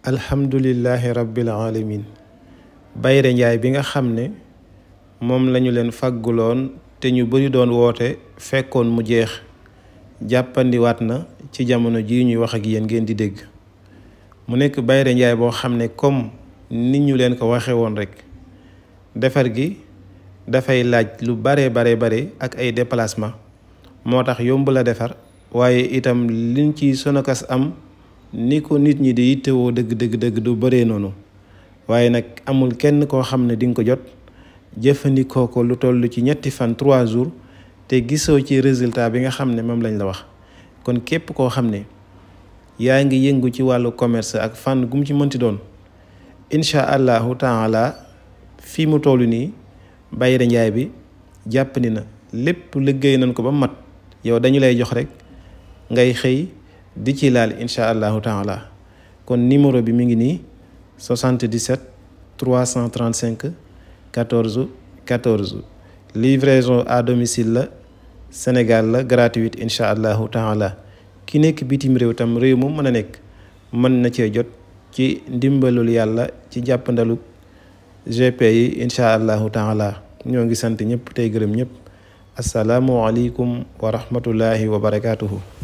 alhamdulillahi rabbil alamin Bayre Njaay bi nga xam ne moom lañu leen fagguloon te ñu bari doon woote fekkoon mu jeex jàppandiwaat na ci jamono ji ñuy wax ak yéen ngeen di dégg mu nekk Bayre Njaay boo xam ne comme ni ñu leen ko waxe woon rek defar gi dafay laaj lu bare bare bare ak ay déplacement moo tax yomb la defar waaye itam liñ ci sonokas am ni ko nit ñi di yittewoo dëgg dëgg dëgg du bëree noonu waaye nag amul kenn koo xam ne dinga ko jot jëfandikoo ko lu toll ci ñetti fan trois jours te gisoo ci résultat bi nga xam ne moom lañ la wax kon képp koo xam ne yaa ngi yëngu ci wàllu commerce ak fànn gu mu ci mënti doon incha allahu taala fii mu toll nii Bayra Njaay bi jàpp na lépp liggéey nañ ko ba mu mat yow dañu lay jox rek ngay xëy. di ci laal incha allahu taala kon numéro bi mi ngi nii 77 335 14 14 livraison à domicile la Sénégal la gratuite incha allahu taala ki nekk bitim réew tam réew mu mën a nekk mën na cee jot ci ndimbalul yàlla ci jàppandalu GP yi incha allahu taala ñoo ngi sant ñëpp tey gërëm ñëpp asalaamualeykum wa rahmatullahi wa barakaatuhu.